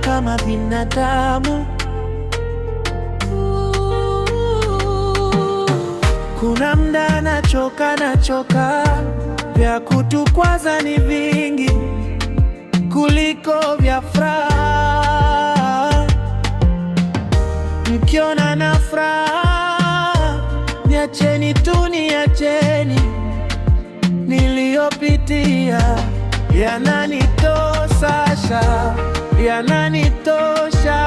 kama binadamu. Kuna mda anachoka, nachoka, vya kutukwaza ni vingi kuliko vya furaha. Mkiona na furaha, niacheni tu, niacheni. Niliyopitia yananitosasha yananitosha.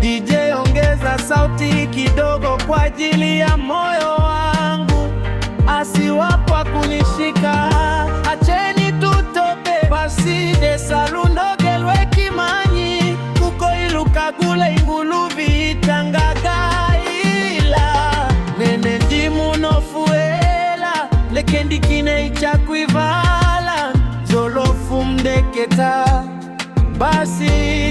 DJ, ongeza sauti kidogo kwa ajili ya moyo wangu, asiwapwa kunishika, acheni tutope basi. de desalu ndogelwe kimanyi kuko iluka gule inguluvi itangagaila nene ndimunofuela lekendikine ichakwivala zolofu mdeketa basi